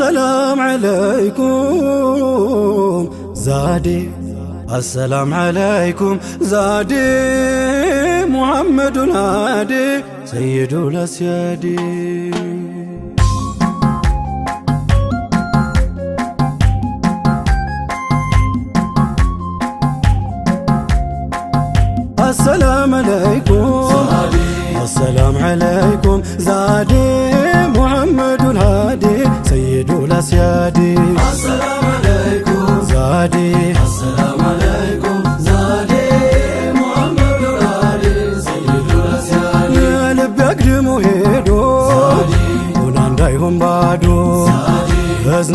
السلام عليكم زادي السلام عليكم زادي محمد هادي سيد الأسياد السلام عليكم زادي السلام عليكم زادي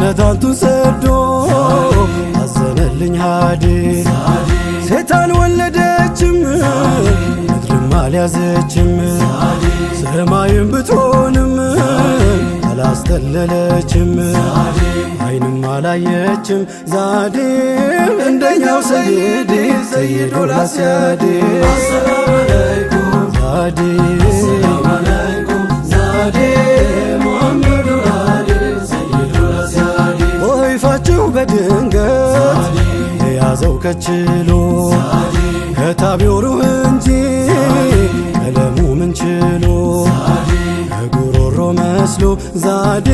ገነታንቱን ሰዶ አዘነልኝ ሃዲ ሴታን ወለደችም ምድርም አልያዘችም ሰማይም ብትሆንም አላስተለለችም አይንም አላየችም ዛዲ እንደኛው ሰይዲ ሰይዶ ላስያዲ ዛዲ በድንገት የያዘው ከችሎ ከታቢዮሩ እንጂ ቀለሙ ምንችሎ ከጉሮሮ መስሎ ዛዴ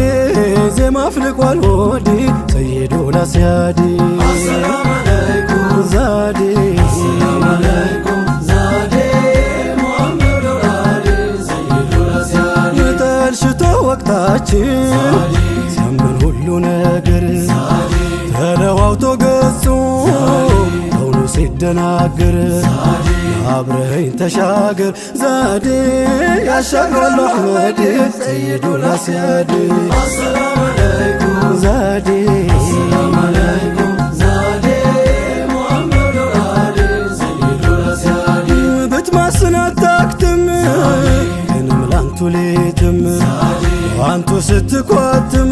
ዜማ አፍልቋል ወዲ ሰይዶ ላስያዲ ዛዴ ጠልሽቶ ወቅታችን ሲያምን ሁሉ ነገር አውቶ ገጹ በውኑ ሲደናግር አብረኸኝ ተሻገር ዛዴ ያሻግራሉ አሕመድ ሰይዱል አስያድ ዛዲ ብትማስናት ታክትም ላንቱ ሌትም አንቱ ስትኳትም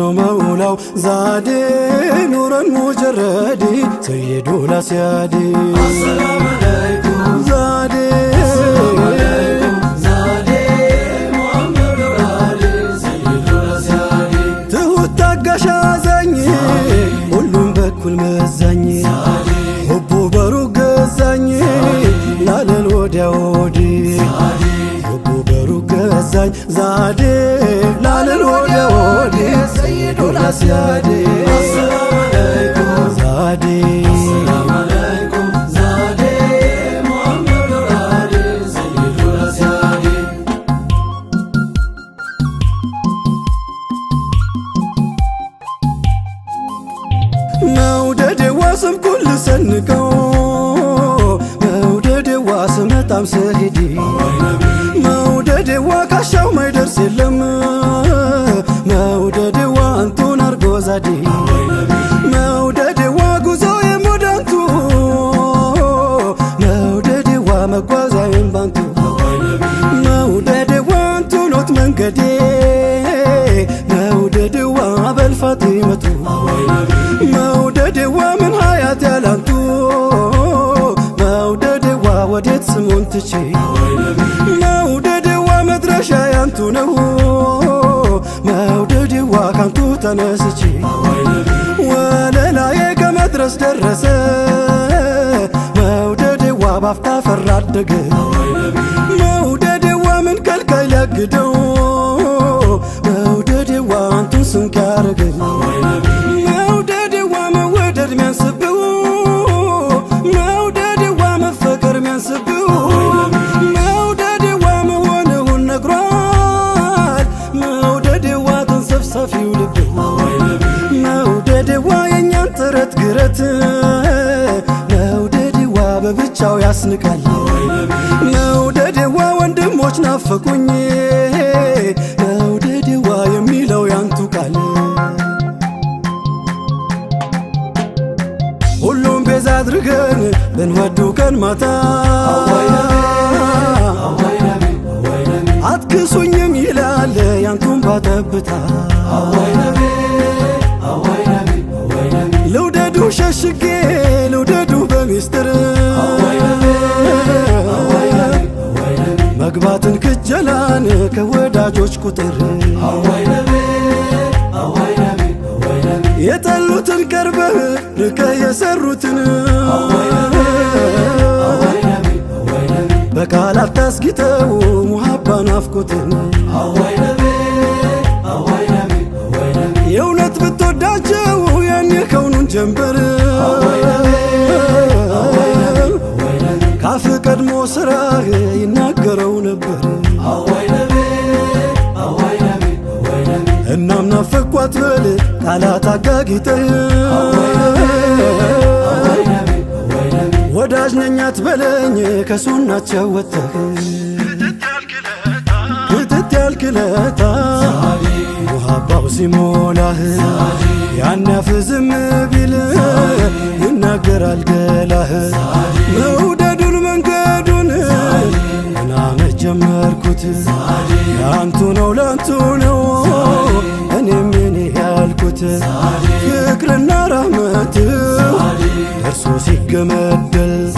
ነው መውላው ዛዴ ኑረን ሙጀረዲ ሰይዱ ላስያዲ ሁቡ በሩ ገዛኝ ላለል ወዲያ ወዲህ አዛኝ ዛዴ ላልል ወደ ወዴ ሰይዱን አስያዴ ዛዴ መውደድ ዋስም ኩል ሰንቀው መውደድ ዋስም በጣም መሆን ትቼ መውደድዋ መድረሻ ያንቱ ነው መውደድዋ ካንቱ ተነስቼ ወለላዬ ከመድረስ ደረሰ መውደድዋ ባፍታ ፈራደገ መውደድዋ ምን ከልካይ ያግደው መውደድዋ አንቱን ስንቅ ያረገኝ መውደድዋ በብቻው ያስንቃል መውደድዋ ወንድሞች ናፈቁኝ መውደድዋ የሚለው ያንቱ ቃል ሁሉም ቤዛ አድርገን ብንወዱ ቀን ማታ አትክሱኝም ይላለ ያንቱን ባጠብታ ሸሽጌ ልውደዱ በሚስጥር መግባትን ክጀላን ከወዳጆች ቁጥር የጠሉትን ቀርበህ ርከ የሰሩትን በቃላት ታስጊተው ሙሃባ ናፍቆትን ጀንበር ካፍ ቀድሞ ስራ ይናገረው ነበር። እናም ናፈኳት በል ቃላት አጋጊጠህ ወዳጅ ነኛት በለኝ ከሱናቸው ወተህ ክትት ያልክለታ ውሃባው ሲሞላህ ያናፍዝም መውደዱን መንገዱን ምናመት ጀመርኩት ያንቱ ነው ላንቱ ነው እኔም የኔ ያልኩት ፍቅርና ራመት እርሱ ሲገመደል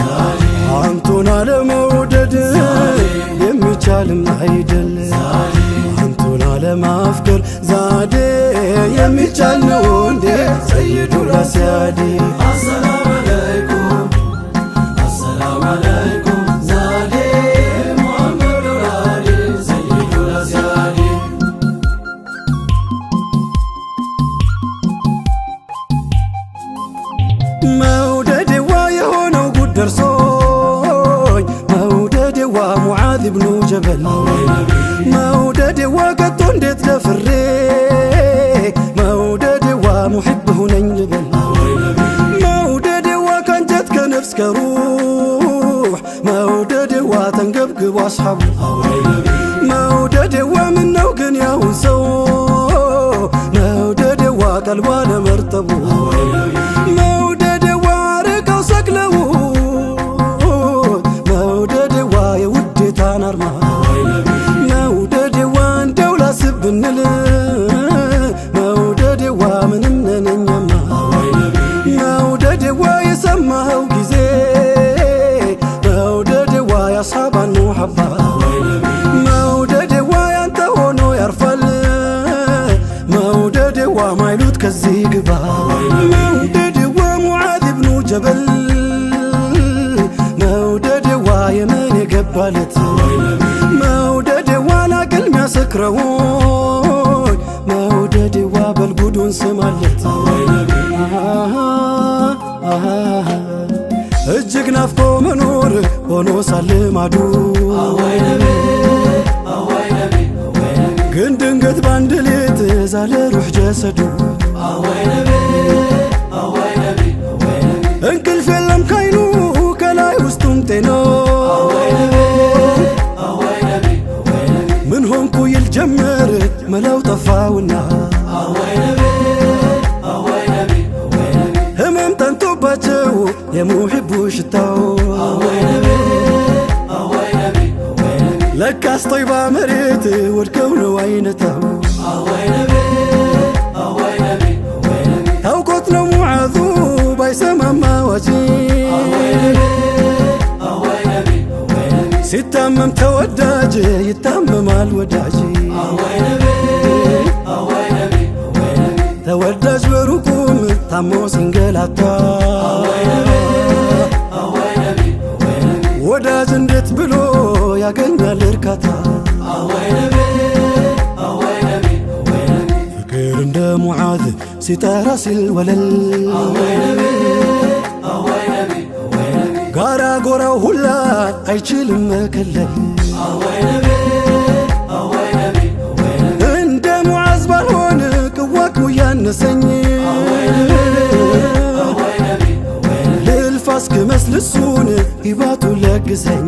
አንቱን አለመውደድ የሚቻልም አይደል አንቱን አለማፍቀር ዛዴ የሚቻል ነው እንዴ ሰይዱ ራስያዴ መውደዴዋ የሆነው ጉድ ደርሶኝ መውደዴዋ ሙዓዝ ብኑ ጀበል መውደዴዋ ገቶ እንዴት ደፍሬ ዋስሐቡ መውደድ ነው ግን ያሁን ሰው መውደድ የዋ ቀልባ ለመርጠቡ መውደድዋ ሙዓዝ ብኑ ጀበል መውደድዋ የምን የገባለት መውደድዋ ላቅል ሚያሰክረውን መውደድዋ በልጉዱን ስማለት እጅግ ናፍቆ መኖር ሆኖ ሳለ ግን ድንገት ባንድ ሌት ዛለ ሩሕ ጀሰዱ እንቅልፌለም ካይኑ ከላይ ውስጡም ጤኖ ምን ሆንኩ ይል ጀመር መላው ጠፋውና ህመም ጠንቶባቸው የሙሕቡ ሽታው ለካስ ጦይባ መሬት ወድቀው ነው አይነታው ሲታመም ተወዳጅ ይታመማል ወዳጅ ተወዳጅ በሩቁም ታሞ ሲንገላታ ወዳጅ እንዴት ብሎ ያገኛል እርካታ? ፍቅር እንደ ሙዓዝ ሲጠራ ሲል ወለል ጎራው ሁላ አይችልም መከለል እንደ ሙዓዝ ባልሆን ቅዋቅው ያነሰኝ ልልፋ እስክመስል እሱን ለግሰኝ